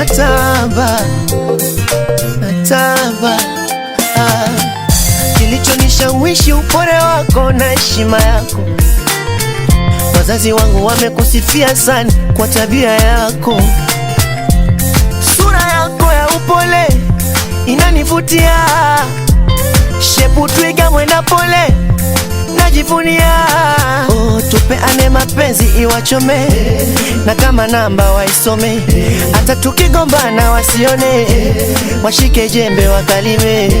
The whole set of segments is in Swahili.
nataba natamba ah. Kilichonishawishi upore wako na heshima yako, wazazi wangu wamekusifia sana kwa tabia yako. Sura yako ya upole inanivutia, shepu twiga mwenda pole najivunia ane mapenzi iwachome, na kama namba waisome, hata tukigombana wasione, washike jembe wakalime.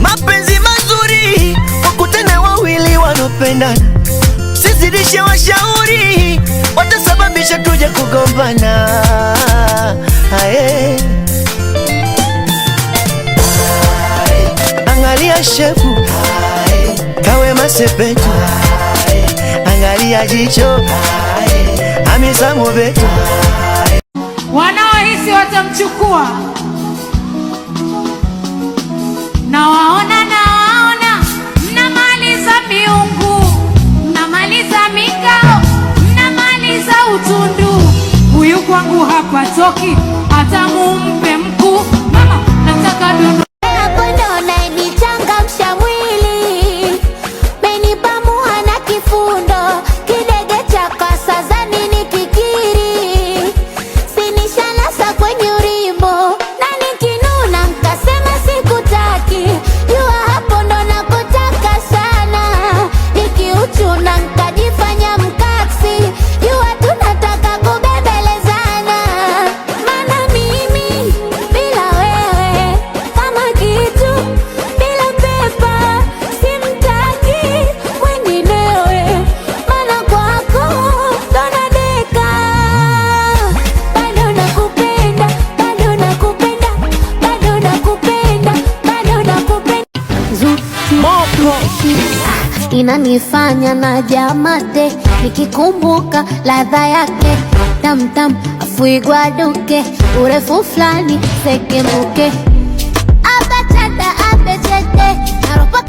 Mapenzi mazuri wakutane wawili wanopendana, sizidishe washauri, watasababisha tuje kugombana. Ae, angalia shefu kawe masepetu ya jicho Hamisa Mobeto. Wanaohisi watamchukua na waona na waona, mali za miungu, na mali mnamaliza mikao, za utundu. Huyu kwangu hapatoki, hata mumpe inanifanya na jamate nikikumbuka ladha yake tamtam afuigwaduke urefu fulani sekemuke abachada abechete naropa